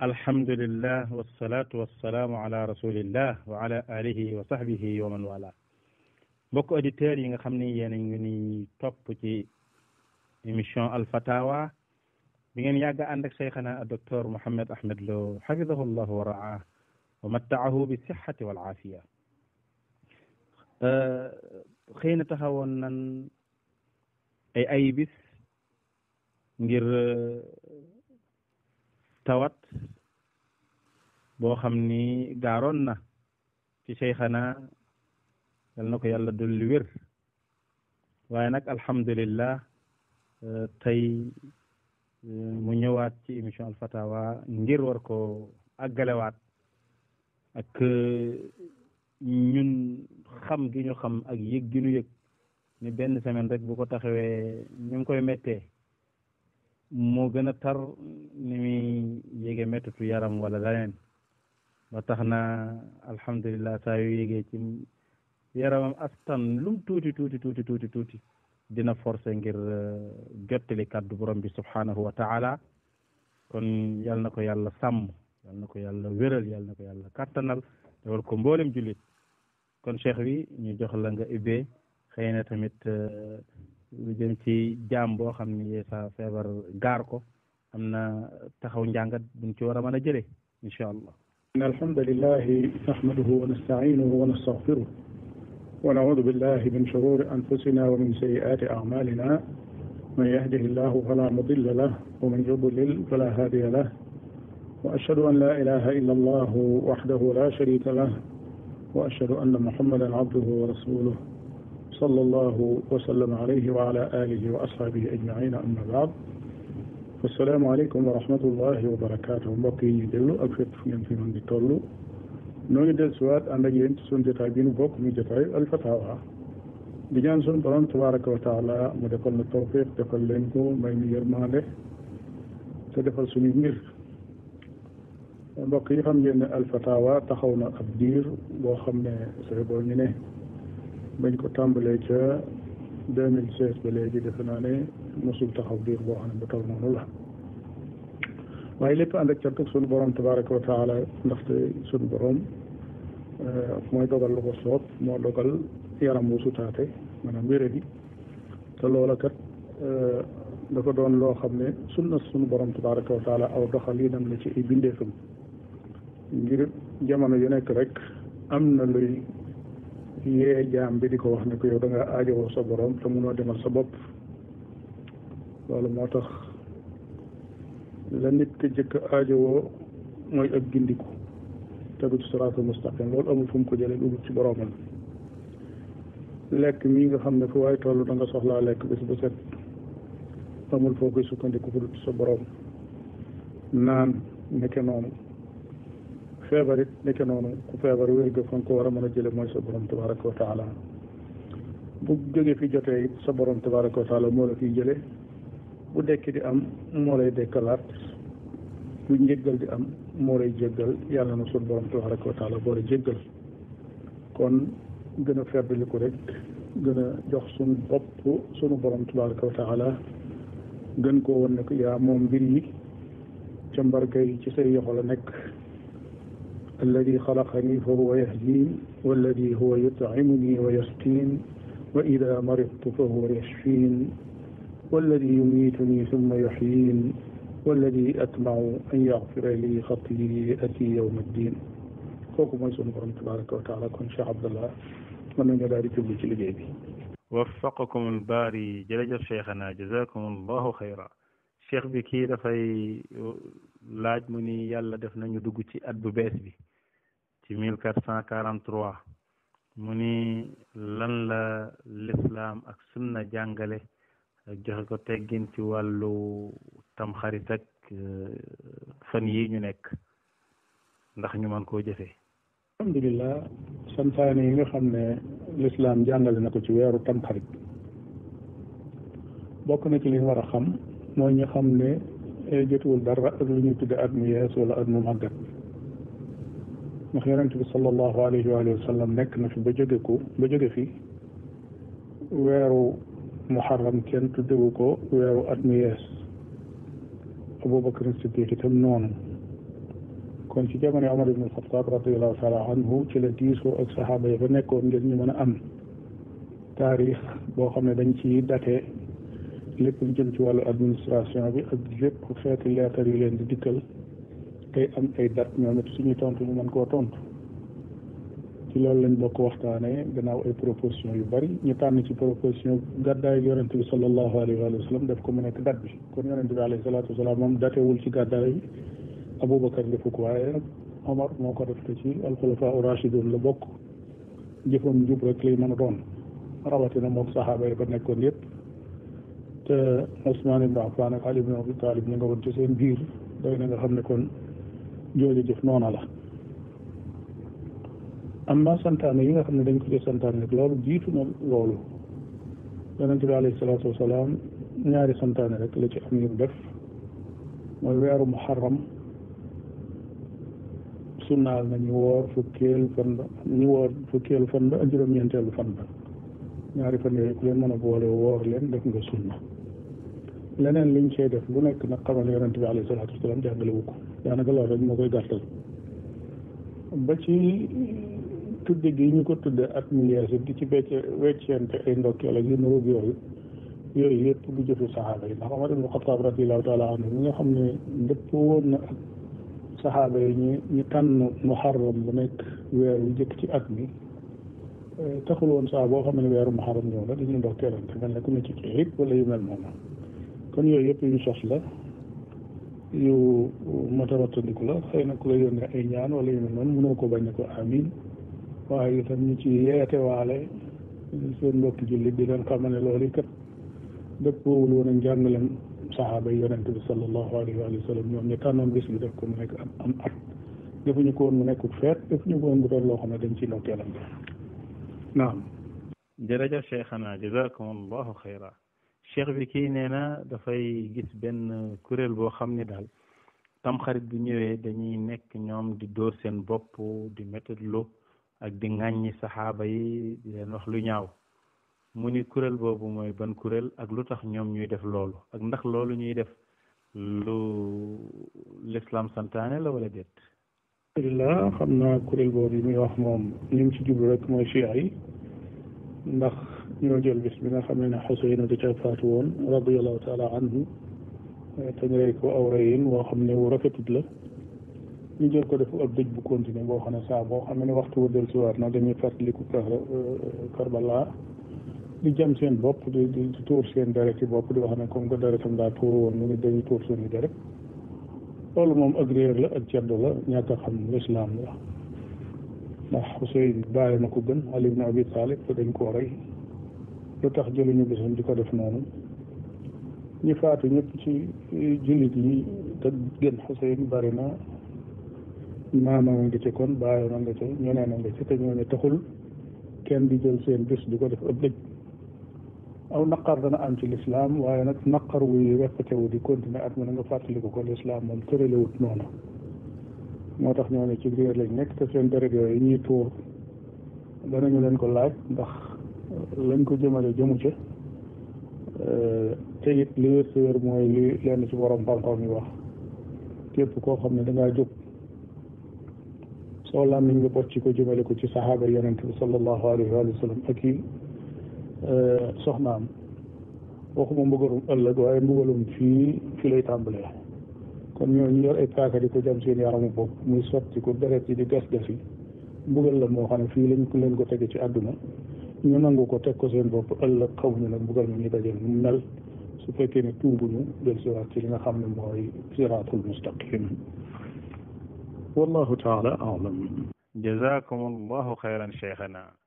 alhamdulillah wasalaatu wasalaamu ala rasulillah wa ala alihi wa sahbihi wa man wala mbokk auditeurs yi nga xam ni yéen a ngi ni topp ci émission alfatawa bi ngeen yàgg ànd ak cheikhana docteur Mouhamed Ahmed Lo xafidahu llahu wa raah wa mattaahu bi sixati wal aafiya xëy na taxawoon nan ay ay bis ngir tawat boo xam ni gaaroon na ci seyxana yal na ko yàlla dolli wér waaye nag alhamdulillah euh, tey euh, mu ñëwaat ci émission alfatawa ngir war ko àggalewaat ak euh, ñun xam giñu ñu xam ak yëg gi ñu yëg ni benn semaine rek bu ko taxawee ñu ngi koy méttee moo gën a tar ni muy yéege mettitu yaram wala leneen ba tax na alhamdulilah saa yu yéegee ci yaramam astan lum tuuti tuuti tuuti tuuti tuuti dina forcé ngir euh, jottali kàddu borom bi subhanahu wa taala kon yal na ko yàlla sàmm yal ko yàlla wéral yal na ko yàlla kàttanal dawal ko mboolem jullit kon cheikh bi ñu jox nga ubbee xëy na tamit euh, lu jëm ci jaam boo xam ne yeesa feebar gaar ko am na taxaw njàngat buñ ci war a mën a jëlee incha allah إن الحمد لله نحمده ونستعينه ونستغفره ونعوذ بالله من شرور أنفسنا ومن سيئات أعمالنا من يهده الله فلا مضل له ومن يضلل فلا هادي له وأشهد أن لا إله إلا الله وحده لا شريك له وأشهد أن محمدا عبده ورسوله sallallahu wa sallam alayhi wa ala alihi wa ashaabihi ajmaina amma baad assalaamu aleykum wa rahmatullahi wa barakaatuh mbokk yi ñuy déglu ak fépp fu ngeen fi mën di toll noo ngi del siwaat ànd ak yéen ci suñu jotaay bi nu bokk muy jotaay alfatawa di ñaan suñu borom tabaraka wa taala mu defal na tawfiq defal leen ko may ñu yërmande te defal suñu mbir mbokk yi xam ngeen ne alfatawa taxaw na ab diir boo xam ne say boo ñu ne bañ ko tàmbalee ca deux mille ba léegi def naa ne mosul taxaw diir boo xam ne bu taw noonu la waaye lépp ànd ak cant ak sunu borom tabaraka wa taala ndaxte sunu borom eh, mooy dogal lu ko soob moo dogal yaram wu sutaate maanaam wére bi te loola kat eh, dafa doon loo xam ne sunna sunu borom tabaraka wa taala aw doxalinam la ci ay bindeefam ngir jamono yu nekk rek am na luy yee jaam bi di ko wax ne ko yow da ngaa sa boroom te munoo demal sa bopp loolu moo tax lan nit ka jëkk aajowoo mooy ak gindiku te ci siraatul mustaqim loolu amul fu mu ko jëlee lu ci boromam lekk mii nga xam ne fu waaye toll danga soxlaa lekk bés bu amul foo koy sukkandiku fu dul sa boroom naan nekke noonu feebar it nekk noonu ku feebar wér ga fa ko war a mën a jële mooy sa borom tabaraka wa bu jógee fi jotee it sa borom tabaraka wa moo la fiy jële bu dekki di am moo lay dekkalaat bu njëggal di am moo lay jéggal yàlla na suñu borom tabaraka wa taala boo la jéggal kon gën a feddaliku rek gën a jox suñu bopp suñu borom tabaraka wa taala gën koo won ne ko yaa moom mbir yi ca mbarga yi ci say yoxo la nekk الذي خلقني فهو يهدين والذي هو يطعمني ويسقين وإذا مرضت فهو يشفين والذي يميتني ثم يحيين والذي أتمع أن يغفر لي خطيئتي يوم الدين kooku mooy sunu borom tabaraka wa taala kon Cheikh Abdallah mën nañu daal di jublu ci liggéey bi waffaqakum albaari jërëjëf cheikhana jazakum allahu xayra cheikh bi kii dafay laaj mu ni yàlla def nañu dugg ci at bu bees bi ci mille quatre cent quarante trois mu ni lan la lislaam ak sunna jàngale ak joxe ko teggin ci wàllu tamxarit ak euh, fan yi ñu nekk ndax ñu mën koo jëfee alhamdulilah santaane yi nga xam ne lislaam jàngale na ko ci weeru tamxarit bokk na ci li war a xam mooy ñu xam ne eh, jotuwul dara lu ñuy tudde at mu yees at mu màggat ndax yonent bi sallallahu alayhi wa sallam nekk na fi ba jóge ko ba jóge fi weeru muharram kenn tuddewu ko weeru at mu yees abubakar siddiq itam noonu kon ci jamono omar ibn alxataab radiallahu taala anhu ci la diisoo ak saxaaba yi ba nekkoon ngir ñu mën a am taarix boo xam ne dañ ci date lépp lu jëm ci wàllu administration bi ak lépp xeeti leetar yu leen di dikkal tey am ay date ñoom it suñu tontu ñu mën koo tontu ci loolu lañ bokk waxtaanee gannaaw ay proposition yu bari ñu tànn ci proposition gàddaayu yonente bi sallallahu alayhi wa sallam def ko mu nekk date bi kon yonente bi alayhi salaatu wasalaam moom datewul ci gàddaay bi Aboubacar defu ko waaye Omar moo ko def te ci alxulafaa u la bokk jëfam jub rek lay mën a doon rawatina moom saxaaba yi ba nekkoon yëpp te Ousmane ibn Affan ak Ali biir doy na xam ne kon jooju jëf noona la am na santaane yi nga xam ne dañ ko ci santaane rek loolu jiitu na loolu yonente bi alayhi salaatu wasalaam ñaari santaane rek la ci am yu def mooy weeru muharram sunnaal na ñu woor fukkeelu fan ba ñu woor fukkeelu fan ba ak juróom-ñeenteelu fan ba ñaari fan yooyu leen mën a boole woor leen def nga sunna leneen ñu see def bu nekk nag xamal yonent bi alayhi salaatu wasalaam jàngale wu ko daanaka loolu rek koy gàttal ba ci tudde gi ñu ko tudde at mu yees di ci becc weccente ay ndokkeel ak yu nuróog yooyu yooyu yëpp du yi ndax Omar ibnu Xataab mi nga xam ne dëpp woon na ak saxaaba yi ñu ñu tànn muharram nekk weer wu jëkk ci at mi eh, taxul woon saa boo xam ne weeru muharram ñëw la dañuy ndokkeelante mel ne ku ci ceeb wala mel noonu kon yooyu yëpp yu sos la yu mat a wattandiku la xëy na ku la yónnee ay ñaan wala yu mel noonu mënoo ko bañ ne ko amin waaye itam ñu ci yeete waale seen mbokki jullit di leen xamal ne loolu kat dëppoowul woon ak leen saxaaba yi yonent bi sallallahu alayhi wa sallam ñoom ñu tànnoon bis bi def ko mu nekk am am at defuñu ko woon mu nekkul feet defuñu ko woon bu doon loo xam ne dañ ciy nokkeelam naam jërëjëf Cheikhana jazakumullahu xayra cheikh bi ki nee na dafay gis benn kuréel boo xam ne daal tamxarit bu ñëwee dañuy nekk ñoom di dóor seen bopp di métadlo ak di ŋàññi saxaaba yi di leen wax lu ñaaw mu ni kuréel boobu mooy ban kuréel ak lu tax ñoom ñuy def loolu ak ndax loolu ñuy def lu l'islam santaane la wala déet. alhamdulilah xam naa kuréel boobu yi muy wax moom li mu ci jublu rek mooy cheikh yi. ndax ñoo jël bis bi nga xam ne ne Xuseyn da ca faatu woon radiallahu taala anhu te ñu rey ko aw reyin woo xam ne wu rafetut la ñu jël ko def ab dëj bu continuer boo xam ne saa boo xam ne waxtu wu del si waat na dañuy fàttaliku Karbala di jam seen bopp di di seen deret ci bopp di wax ne comme que deretam daa tuur woon ñu dañuy tuur seen deret loolu moom ak réer la ak ceddo la ñàkk a xam lislaam la ndax Xuseyn bàyyi na ko gën Ali ibn Abi Talib te dañ koo rey lu tax jëluñu bisam di ko def noonu ñi faatu ñëpp ci jullit ñi te gën Xuseyn bari na maama nga ci kon bàyyi ma nga ci ñeneen a nga ci te ñooñu taxul kenn di jël seen bis di ko def ëpp dëj aw naqar dana am ci lislaam waaye nag naqar wuy wekkate wu di continuer at mu ne nga fàttaliku ko lislaam moom tëralewut noonu moo tax ñoo ci biir lañ nekk te seen deret yooyu ñuy tuur danañu leen ko laaj ndax euh, lañ ko jëmale jëmu ca euh, te it li wér si wér mooy li leen ci borom xam-xam wax képp koo xam ne dangaa jóg soo lam niñ nga bot ci ko jëmale ko ci saxaaba yonente bi sallallahu alayhi wa sallam ak i euh, soxnaam waxuma mbugalum ëllëg waaye mbugalum fii fi lay tàmbalee kon ñooñu yor ay paaka di ko jam seen yaramu bopp muy sotti ko deret yi di gas gas yi mbugal la moo xam ne fii lañ ko leen ko tege ci adduna ñu nangu ko teg ko seen bopp ëllëg xaw ñu nag mbugal mi ñu dajeel mu su fekkee ne tuubuñu del siraat ci li nga xam ne mooy siraatul mustaqim wallahu taala alam jazakum allahu xayran cheikhana